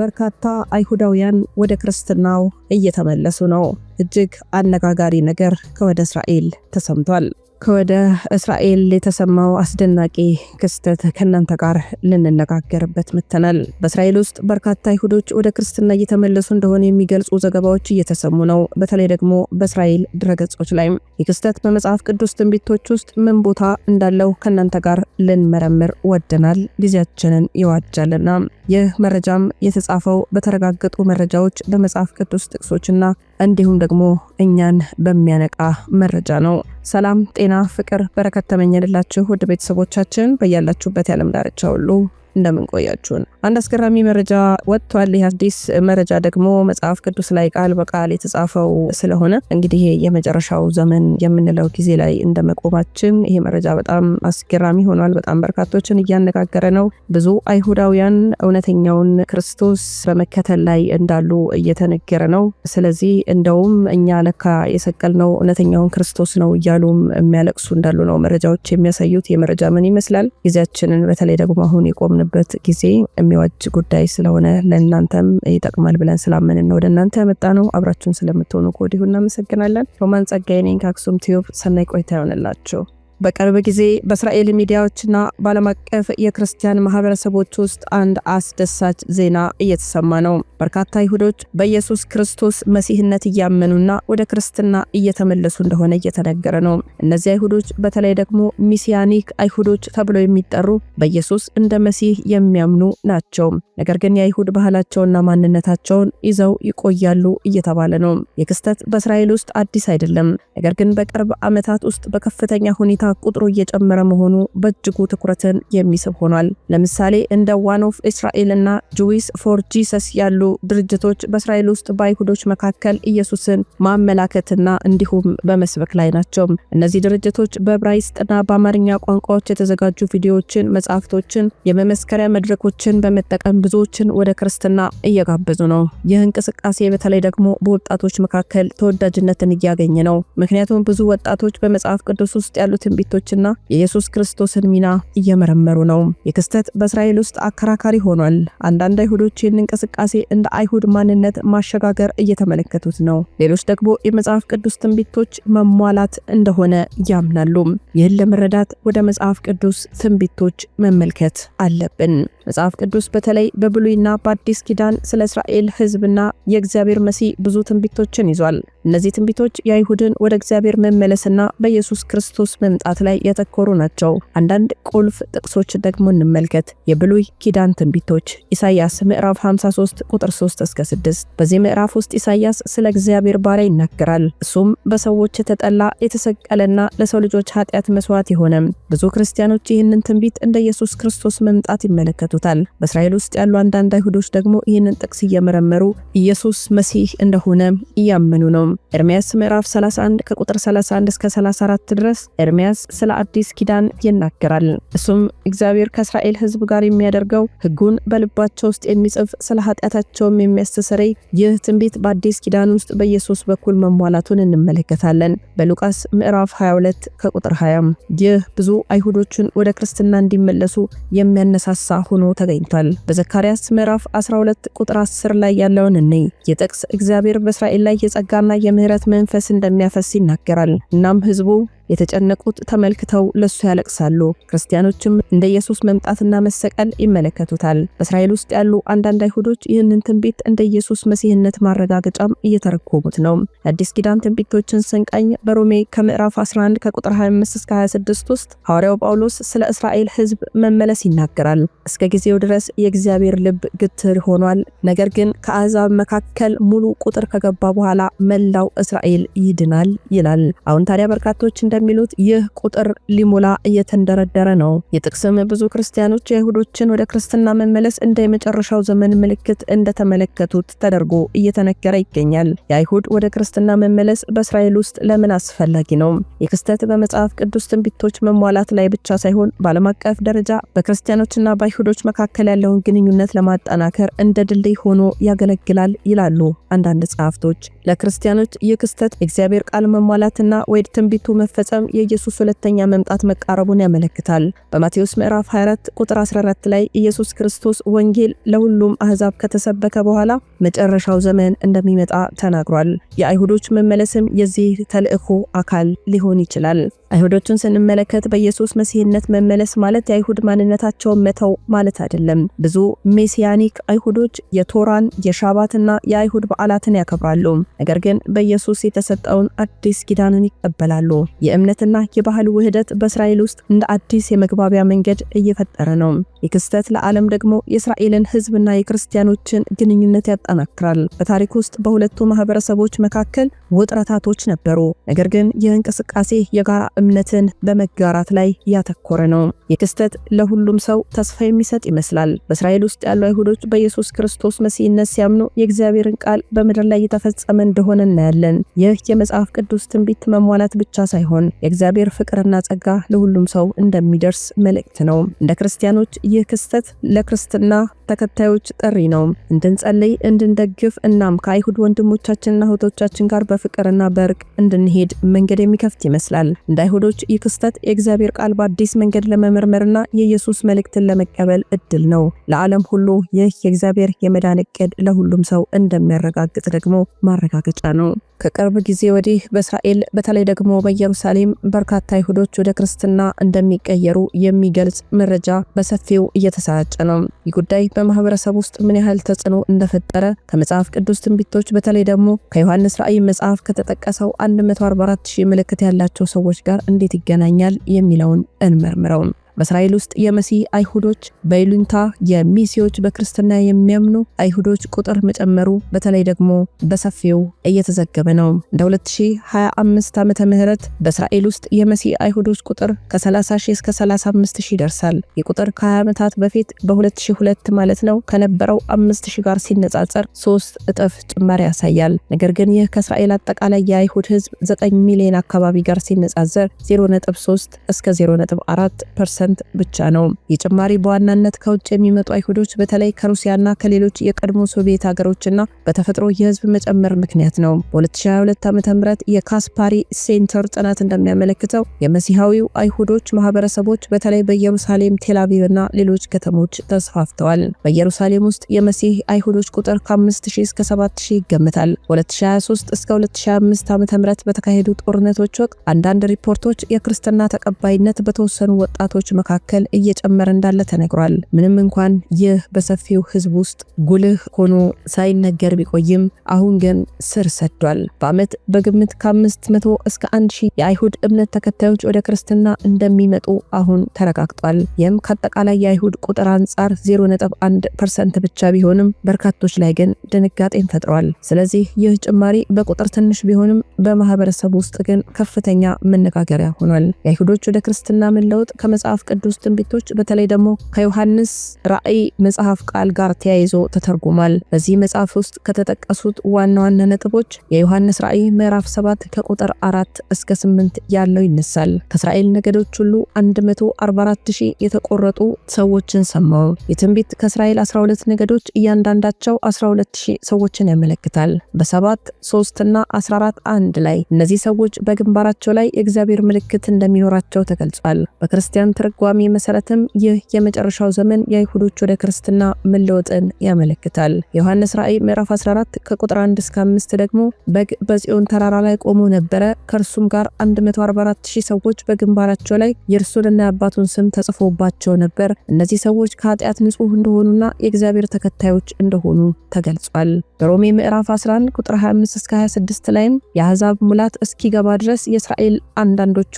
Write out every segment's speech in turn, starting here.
በርካታ አይሁዳውያን ወደ ክርስትናው እየተመለሱ ነው። እጅግ አነጋጋሪ ነገር ከወደ እስራኤል ተሰምቷል። ከወደ እስራኤል የተሰማው አስደናቂ ክስተት ከእናንተ ጋር ልንነጋገርበት መተናል። በእስራኤል ውስጥ በርካታ አይሁዶች ወደ ክርስትና እየተመለሱ እንደሆነ የሚገልጹ ዘገባዎች እየተሰሙ ነው። በተለይ ደግሞ በእስራኤል ድረገጾች ላይ ይህ ክስተት በመጽሐፍ ቅዱስ ትንቢቶች ውስጥ ምን ቦታ እንዳለው ከእናንተ ጋር ልንመረምር ወደናል። ጊዜያችንን ይዋጃልና ይህ መረጃም የተጻፈው በተረጋገጡ መረጃዎች በመጽሐፍ ቅዱስ ጥቅሶችና እንዲሁም ደግሞ እኛን በሚያነቃ መረጃ ነው። ሰላም፣ ጤና፣ ፍቅር፣ በረከት ተመኘንላችሁ ውድ ቤተሰቦቻችን በያላችሁበት የዓለም ዳርቻ ሁሉ እንደምንቆያችሁ ነው። አንድ አስገራሚ መረጃ ወጥቷል። ይህ አዲስ መረጃ ደግሞ መጽሐፍ ቅዱስ ላይ ቃል በቃል የተጻፈው ስለሆነ እንግዲህ የመጨረሻው ዘመን የምንለው ጊዜ ላይ እንደመቆማችን ይሄ መረጃ በጣም አስገራሚ ሆኗል። በጣም በርካቶችን እያነጋገረ ነው። ብዙ አይሁዳውያን እውነተኛውን ክርስቶስ በመከተል ላይ እንዳሉ እየተነገረ ነው። ስለዚህ እንደውም እኛ ለካ የሰቀልነው እውነተኛውን ክርስቶስ ነው እያሉም የሚያለቅሱ እንዳሉ ነው መረጃዎች የሚያሳዩት። የመረጃ ምን ይመስላል ጊዜያችንን በተለይ ደግሞ አሁን የቆምን በምንበት ጊዜ የሚዋጅ ጉዳይ ስለሆነ ለእናንተም ይጠቅማል ብለን ስላመንን ነው ወደ እናንተ ያመጣ ነው። አብራችሁን ስለምትሆኑ ከወዲሁ እናመሰግናለን። ሮማን ጸጋዬ ነኝ ከአክሱም ቲዩብ። ሰናይ ቆይታ ይሆንላችሁ። በቅርብ ጊዜ በእስራኤል ሚዲያዎችና በዓለም አቀፍ የክርስቲያን ማህበረሰቦች ውስጥ አንድ አስደሳች ዜና እየተሰማ ነው። በርካታ አይሁዶች በኢየሱስ ክርስቶስ መሲህነት እያመኑና ወደ ክርስትና እየተመለሱ እንደሆነ እየተነገረ ነው። እነዚህ አይሁዶች በተለይ ደግሞ ሚሲያኒክ አይሁዶች ተብለው የሚጠሩ በኢየሱስ እንደ መሲህ የሚያምኑ ናቸው። ነገር ግን የአይሁድ ባህላቸውና ማንነታቸውን ይዘው ይቆያሉ እየተባለ ነው። የክስተት በእስራኤል ውስጥ አዲስ አይደለም። ነገር ግን በቅርብ ዓመታት ውስጥ በከፍተኛ ሁኔታ ቁጥሩ እየጨመረ መሆኑ በእጅጉ ትኩረትን የሚስብ ሆኗል። ለምሳሌ እንደ ዋን ኦፍ እስራኤል እና ጁዊስ ፎር ጂሰስ ያሉ ድርጅቶች በእስራኤል ውስጥ በአይሁዶች መካከል ኢየሱስን ማመላከትና እንዲሁም በመስበክ ላይ ናቸው። እነዚህ ድርጅቶች በዕብራይስጥና በአማርኛ ቋንቋዎች የተዘጋጁ ቪዲዮዎችን፣ መጽሐፍቶችን፣ የመመስከሪያ መድረኮችን በመጠቀም ብዙዎችን ወደ ክርስትና እየጋበዙ ነው። ይህ እንቅስቃሴ በተለይ ደግሞ በወጣቶች መካከል ተወዳጅነትን እያገኘ ነው። ምክንያቱም ብዙ ወጣቶች በመጽሐፍ ቅዱስ ውስጥ ያሉትን ትንቢቶችና የኢየሱስ ክርስቶስን ሚና እየመረመሩ ነው። የክስተት በእስራኤል ውስጥ አከራካሪ ሆኗል። አንዳንድ አይሁዶች ይህን እንቅስቃሴ እንደ አይሁድ ማንነት ማሸጋገር እየተመለከቱት ነው። ሌሎች ደግሞ የመጽሐፍ ቅዱስ ትንቢቶች መሟላት እንደሆነ ያምናሉ። ይህን ለመረዳት ወደ መጽሐፍ ቅዱስ ትንቢቶች መመልከት አለብን። መጽሐፍ ቅዱስ በተለይ በብሉይና በአዲስ ኪዳን ስለ እስራኤል ሕዝብና የእግዚአብሔር መሲህ ብዙ ትንቢቶችን ይዟል። እነዚህ ትንቢቶች የአይሁድን ወደ እግዚአብሔር መመለስና በኢየሱስ ክርስቶስ መምጣት ላይ ያተኮሩ ናቸው። አንዳንድ ቁልፍ ጥቅሶች ደግሞ እንመልከት። የብሉይ ኪዳን ትንቢቶች ኢሳይያስ ምዕራፍ 53 ቁጥር 3 እስከ 6። በዚህ ምዕራፍ ውስጥ ኢሳይያስ ስለ እግዚአብሔር ባሪያ ይናገራል። እሱም በሰዎች የተጠላ የተሰቀለና ለሰው ልጆች ኃጢአት መስዋዕት የሆነ ብዙ ክርስቲያኖች ይህንን ትንቢት እንደ ኢየሱስ ክርስቶስ መምጣት ይመለከቱ ይመለከቱታል። በእስራኤል ውስጥ ያሉ አንዳንድ አይሁዶች ደግሞ ይህንን ጥቅስ እየመረመሩ ኢየሱስ መሲህ እንደሆነ እያመኑ ነው። ኤርምያስ ምዕራፍ 31 ከቁጥር 31 እስከ 34 ድረስ ኤርምያስ ስለ አዲስ ኪዳን ይናገራል። እሱም እግዚአብሔር ከእስራኤል ሕዝብ ጋር የሚያደርገው ሕጉን በልባቸው ውስጥ የሚጽፍ ስለ ኃጢአታቸውም የሚያስተሰረይ ይህ ትንቢት በአዲስ ኪዳን ውስጥ በኢየሱስ በኩል መሟላቱን እንመለከታለን። በሉቃስ ምዕራፍ 22 ከቁጥር 20 ይህ ብዙ አይሁዶችን ወደ ክርስትና እንዲመለሱ የሚያነሳሳ ሆኖ ሆኖ ተገኝቷል። በዘካርያስ ምዕራፍ 12 ቁጥር 10 ላይ ያለውን እኔ የጥቅስ እግዚአብሔር በእስራኤል ላይ የጸጋና የምህረት መንፈስ እንደሚያፈስ ይናገራል። እናም ህዝቡ የተጨነቁት ተመልክተው ለሱ ያለቅሳሉ። ክርስቲያኖችም እንደ ኢየሱስ መምጣትና መሰቀል ይመለከቱታል። በእስራኤል ውስጥ ያሉ አንዳንድ አይሁዶች ይህንን ትንቢት እንደ ኢየሱስ መሲህነት ማረጋገጫም እየተረጎሙት ነው። አዲስ ኪዳን ትንቢቶችን ስንቀኝ በሮሜ ከምዕራፍ 11 ከቁጥር 25 እስከ 26 ውስጥ ሐዋርያው ጳውሎስ ስለ እስራኤል ሕዝብ መመለስ ይናገራል። እስከ ጊዜው ድረስ የእግዚአብሔር ልብ ግትር ሆኗል፣ ነገር ግን ከአሕዛብ መካከል ሙሉ ቁጥር ከገባ በኋላ መላው እስራኤል ይድናል ይላል። አሁን ታዲያ በርካቶች እንደ እንደሚሉት ይህ ቁጥር ሊሞላ እየተንደረደረ ነው። የጥቅስም ብዙ ክርስቲያኖች የአይሁዶችን ወደ ክርስትና መመለስ እንደ የመጨረሻው ዘመን ምልክት እንደተመለከቱት ተደርጎ እየተነገረ ይገኛል። የአይሁድ ወደ ክርስትና መመለስ በእስራኤል ውስጥ ለምን አስፈላጊ ነው? የክስተት በመጽሐፍ ቅዱስ ትንቢቶች መሟላት ላይ ብቻ ሳይሆን በዓለም አቀፍ ደረጃ በክርስቲያኖችና በአይሁዶች መካከል ያለውን ግንኙነት ለማጠናከር እንደ ድልድይ ሆኖ ያገለግላል ይላሉ አንዳንድ ጸሐፍቶች። ለክርስቲያኖች ይህ ክስተት የእግዚአብሔር ቃል መሟላትና ወይድ ትንቢቱ መፈ ሲፈጸም የኢየሱስ ሁለተኛ መምጣት መቃረቡን ያመለክታል። በማቴዎስ ምዕራፍ 24 ቁጥር 14 ላይ ኢየሱስ ክርስቶስ ወንጌል ለሁሉም አህዛብ ከተሰበከ በኋላ መጨረሻው ዘመን እንደሚመጣ ተናግሯል። የአይሁዶች መመለስም የዚህ ተልእኮ አካል ሊሆን ይችላል። አይሁዶችን ስንመለከት በኢየሱስ መሲህነት መመለስ ማለት የአይሁድ ማንነታቸውን መተው ማለት አይደለም። ብዙ ሜሲያኒክ አይሁዶች የቶራን የሻባትና የአይሁድ በዓላትን ያከብራሉ፣ ነገር ግን በኢየሱስ የተሰጠውን አዲስ ኪዳንን ይቀበላሉ። የእምነትና የባህል ውህደት በእስራኤል ውስጥ እንደ አዲስ የመግባቢያ መንገድ እየፈጠረ ነው። ይህ ክስተት ለዓለም ደግሞ የእስራኤልን ህዝብና የክርስቲያኖችን ግንኙነት ያጠናክራል። በታሪክ ውስጥ በሁለቱ ማህበረሰቦች መካከል ውጥረታቶች ነበሩ፣ ነገር ግን ይህ እንቅስቃሴ የጋራ እምነትን በመጋራት ላይ ያተኮረ ነው። ይህ ክስተት ለሁሉም ሰው ተስፋ የሚሰጥ ይመስላል። በእስራኤል ውስጥ ያሉ አይሁዶች በኢየሱስ ክርስቶስ መሲህነት ሲያምኑ የእግዚአብሔርን ቃል በምድር ላይ የተፈጸመ እንደሆነ እናያለን። ይህ የመጽሐፍ ቅዱስ ትንቢት መሟላት ብቻ ሳይሆን የእግዚአብሔር ፍቅርና ጸጋ ለሁሉም ሰው እንደሚደርስ መልእክት ነው። እንደ ክርስቲያኖች ይህ ክስተት ለክርስትና ተከታዮች ጥሪ ነው። እንድንጸልይ፣ እንድንደግፍ እናም ከአይሁድ ወንድሞቻችንና እህቶቻችን ጋር በፍቅርና በእርቅ እንድንሄድ መንገድ የሚከፍት ይመስላል። እንደ አይሁዶች ይህ ክስተት የእግዚአብሔር ቃል በአዲስ መንገድ ለመመርመርና የኢየሱስ መልእክትን ለመቀበል እድል ነው። ለዓለም ሁሉ ይህ የእግዚአብሔር የመዳን እቅድ ለሁሉም ሰው እንደሚያረጋግጥ ደግሞ ማረጋገጫ ነው። ከቅርብ ጊዜ ወዲህ በእስራኤል በተለይ ደግሞ በኢየሩሳሌም በርካታ አይሁዶች ወደ ክርስትና እንደሚቀየሩ የሚገልጽ መረጃ በሰፊው እየተሰራጨ ነው። ይህ ጉዳይ በማህበረሰብ ውስጥ ምን ያህል ተጽዕኖ እንደፈጠረ ከመጽሐፍ ቅዱስ ትንቢቶች በተለይ ደግሞ ከዮሐንስ ራእይ መጽሐፍ ከተጠቀሰው 144000 ምልክት ያላቸው ሰዎች ጋር እንዴት ይገናኛል የሚለውን እንመርምረውም። በእስራኤል ውስጥ የመሲህ አይሁዶች በይሉኝታ የሚሲዎች በክርስትና የሚያምኑ አይሁዶች ቁጥር መጨመሩ በተለይ ደግሞ በሰፊው እየተዘገበ ነው። እንደ 2025 ዓ ም በእስራኤል ውስጥ የመሲህ አይሁዶች ቁጥር ከ30 እስከ 35 ይደርሳል። ይህ ቁጥር ከ20 ዓመታት በፊት በ2002 ማለት ነው ከነበረው 50 ጋር ሲነጻጸር ሶስት እጥፍ ጭማሪ ያሳያል። ነገር ግን ይህ ከእስራኤል አጠቃላይ የአይሁድ ህዝብ 9 ሚሊዮን አካባቢ ጋር ሲነጻዘር 0.3 እስከ 0.4 ፐርሰንት ፐርሰንት ብቻ ነው። የጭማሪ በዋናነት ከውጭ የሚመጡ አይሁዶች በተለይ ከሩሲያና ከሌሎች የቀድሞ ሶቪየት ሀገሮችና በተፈጥሮ የህዝብ መጨመር ምክንያት ነው። በ2022 ም የካስፓሪ ሴንተር ጥናት እንደሚያመለክተው የመሲሐዊው አይሁዶች ማህበረሰቦች በተለይ በኢየሩሳሌም፣ ቴላቪቭ እና ሌሎች ከተሞች ተስፋፍተዋል። በኢየሩሳሌም ውስጥ የመሲህ አይሁዶች ቁጥር ከ5000 እስከ 7000 ይገምታል። በ2023 እስከ 2025 ም በተካሄዱ ጦርነቶች ወቅት አንዳንድ ሪፖርቶች የክርስትና ተቀባይነት በተወሰኑ ወጣቶች መካከል እየጨመረ እንዳለ ተነግሯል። ምንም እንኳን ይህ በሰፊው ህዝብ ውስጥ ጉልህ ሆኖ ሳይነገር ቢቆይም አሁን ግን ስር ሰዷል። በዓመት በግምት ከ500 እስከ 1000 የአይሁድ እምነት ተከታዮች ወደ ክርስትና እንደሚመጡ አሁን ተረጋግጧል። ይህም ከአጠቃላይ የአይሁድ ቁጥር አንጻር 0.1 ፐርሰንት ብቻ ቢሆንም በርካቶች ላይ ግን ድንጋጤን ፈጥሯል። ስለዚህ ይህ ጭማሪ በቁጥር ትንሽ ቢሆንም በማህበረሰብ ውስጥ ግን ከፍተኛ መነጋገሪያ ሆኗል። የአይሁዶች ወደ ክርስትና መለወጥ ከመጽሐፍ ቅዱስ ትንቢቶች በተለይ ደግሞ ከዮሐንስ ራእይ መጽሐፍ ቃል ጋር ተያይዞ ተተርጉሟል። በዚህ መጽሐፍ ውስጥ ከተጠቀሱት ዋና ዋና ነጥቦች የዮሐንስ ራእይ ምዕራፍ 7 ከቁጥር 4 እስከ 8 ያለው ይነሳል። ከእስራኤል ነገዶች ሁሉ 144 ሺህ የተቆረጡ ሰዎችን ሰማው። የትንቢት ከእስራኤል 12 ነገዶች እያንዳንዳቸው 12 ሺህ ሰዎችን ያመለክታል። በ7 3 እና 14 1 ላይ እነዚህ ሰዎች በግንባራቸው ላይ የእግዚአብሔር ምልክት እንደሚኖራቸው ተገልጿል። በክርስቲያን ትርጓሜ መሰረትም ይህ የመጨረሻው ዘመን የአይሁዶች ወደ ክርስትና መለወጥን ያመለክታል። ዮሐንስ ራእይ ምዕራፍ 14 ከቁጥር 1 እስከ 5 ደግሞ በግ በጽዮን ተራራ ላይ ቆሞ ነበረ፣ ከእርሱም ጋር 144000 ሰዎች በግንባራቸው ላይ የእርሱንና የአባቱን ስም ተጽፎባቸው ነበር። እነዚህ ሰዎች ከኃጢአት ንጹህ እንደሆኑና የእግዚአብሔር ተከታዮች እንደሆኑ ተገልጿል። በሮሜ ምዕራፍ 11 ቁጥር 25 እስከ 26 ላይም የአሕዛብ ሙላት እስኪገባ ድረስ የእስራኤል አንዳንዶቹ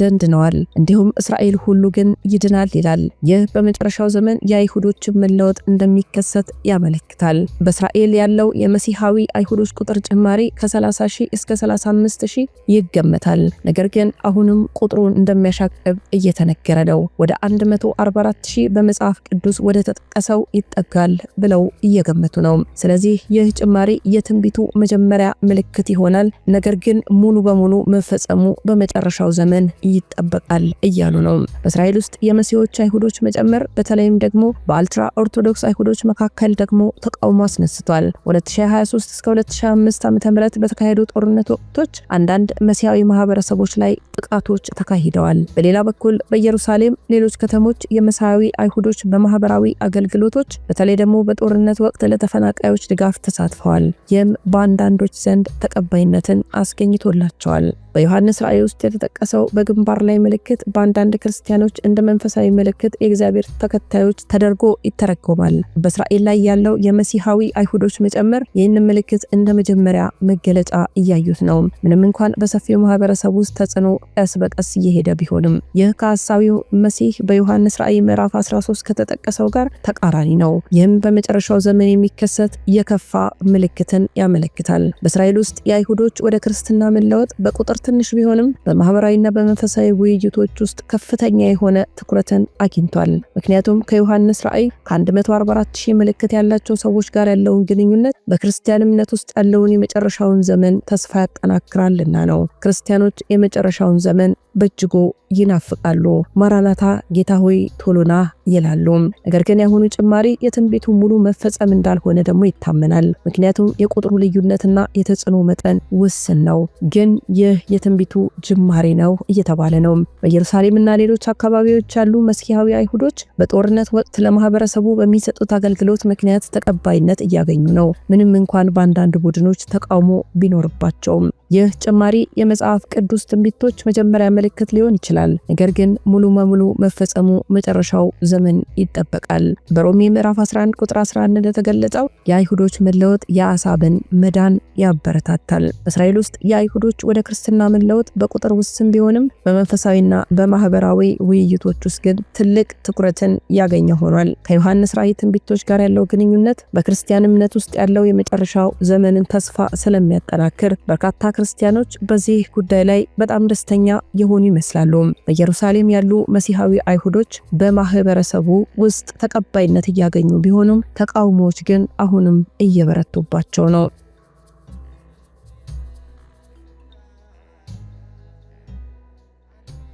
ደንድነዋል። እንዲሁም እስራኤል ሁሉ ግን ይድናል ይላል። ይህ በመጨረሻው ዘመን የአይሁዶችን መለወጥ እንደሚከሰት ያመለክታል። በእስራኤል ያለው የመሲሐዊ አይሁዶች ቁጥር ጭማሪ ከ30 ሺህ እስከ 35 ሺህ ይገመታል። ነገር ግን አሁንም ቁጥሩን እንደሚያሻቅብ እየተነገረ ነው። ወደ 144 ሺህ በመጽሐፍ ቅዱስ ወደ ተጠቀሰው ይጠጋል ብለው እየገመቱ ነው። ስለዚህ ይህ ጭማሪ የትንቢቱ መጀመሪያ ምልክት ይሆናል። ነገር ግን ሙሉ በሙሉ መፈጸሙ በመጨረሻው ዘመን ይጠበቃል እያሉ ነው። በእስራኤል ውስጥ የመሲዎች አይሁዶች መጨመር በተለይም ደግሞ በአልትራ ኦርቶዶክስ አይሁዶች መካከል ደግሞ ተቃውሞ አስነስቷል። 2023 እስከ 2025 ዓ ም በተካሄዱ ጦርነት ወቅቶች አንዳንድ መሲያዊ ማህበረሰቦች ላይ ጥቃቶች ተካሂደዋል። በሌላ በኩል በኢየሩሳሌም፣ ሌሎች ከተሞች የመሳያዊ አይሁዶች በማህበራዊ አገልግሎቶች በተለይ ደግሞ በጦርነት ወቅት ለተፈናቃዮች ድጋፍ ተሳትፈዋል። ይህም በአንዳንዶች ዘንድ ተቀባይነትን አስገኝቶላቸዋል። በዮሐንስ ራእይ ውስጥ የተጠቀሰው በግንባር ላይ ምልክት በአንዳንድ ክርስቲያኖች እንደ መንፈሳዊ ምልክት የእግዚአብሔር ተከታዮች ተደርጎ ይተረጎማል። በእስራኤል ላይ ያለው የመሲሐዊ አይሁዶች መጨመር ይህንን ምልክት እንደ መጀመሪያ መገለጫ እያዩት ነው። ምንም እንኳን በሰፊው ማህበረሰብ ውስጥ ተጽዕኖ ቀስ በቀስ እየሄደ ቢሆንም ይህ ከሐሳዊው መሲህ በዮሐንስ ራእይ ምዕራፍ 13 ከተጠቀሰው ጋር ተቃራኒ ነው። ይህም በመጨረሻው ዘመን የሚከሰት የከፋ ምልክትን ያመለክታል። በእስራኤል ውስጥ የአይሁዶች ወደ ክርስትና መለወጥ በቁጥር ትንሽ ቢሆንም በማህበራዊና በመ በመንፈሳዊ ውይይቶች ውስጥ ከፍተኛ የሆነ ትኩረትን አግኝቷል። ምክንያቱም ከዮሐንስ ራእይ ከ144 ሺህ ምልክት ያላቸው ሰዎች ጋር ያለውን ግንኙነት በክርስቲያን እምነት ውስጥ ያለውን የመጨረሻውን ዘመን ተስፋ ያጠናክራልና ነው። ክርስቲያኖች የመጨረሻውን ዘመን በእጅጉ ይናፍቃሉ። ማራናታ ጌታ ሆይ ቶሎና ይላሉ። ነገር ግን ያሁኑ ጭማሪ የትንቢቱ ሙሉ መፈጸም እንዳልሆነ ደግሞ ይታመናል። ምክንያቱም የቁጥሩ ልዩነትና የተጽዕኖ መጠን ውስን ነው። ግን ይህ የትንቢቱ ጅማሬ ነው እየተባለ ነው። በኢየሩሳሌምና ሌሎች አካባቢዎች ያሉ መስኪያዊ አይሁዶች በጦርነት ወቅት ለማህበረሰቡ በሚሰጡት አገልግሎት ምክንያት ተቀባይነት እያገኙ ነው፣ ምንም እንኳን በአንዳንድ ቡድኖች ተቃውሞ ቢኖርባቸውም። ይህ ጭማሪ የመጽሐፍ ቅዱስ ትንቢቶች መጀመሪያ ምልክት ሊሆን ይችላል፣ ነገር ግን ሙሉ በሙሉ መፈጸሙ መጨረሻው ዘመን ይጠበቃል። በሮሜ ምዕራፍ 11 ቁጥር 11 እንደተገለጸው የአይሁዶች መለወጥ የአሳብን መዳን ያበረታታል። እስራኤል ውስጥ የአይሁዶች ወደ ክርስትና መለወጥ በቁጥር ውስን ቢሆንም በመንፈሳዊና በማህበራዊ ውይይቶች ውስጥ ግን ትልቅ ትኩረትን ያገኘ ሆኗል። ከዮሐንስ ራእይ ትንቢቶች ጋር ያለው ግንኙነት በክርስቲያን እምነት ውስጥ ያለው የመጨረሻው ዘመንን ተስፋ ስለሚያጠናክር በርካታ ክርስቲያኖች በዚህ ጉዳይ ላይ በጣም ደስተኛ የሆኑ ይመስላሉ። በኢየሩሳሌም ያሉ መሲሐዊ አይሁዶች በማህበረሰቡ ውስጥ ተቀባይነት እያገኙ ቢሆኑም ተቃውሞዎች ግን አሁንም እየበረቱባቸው ነው።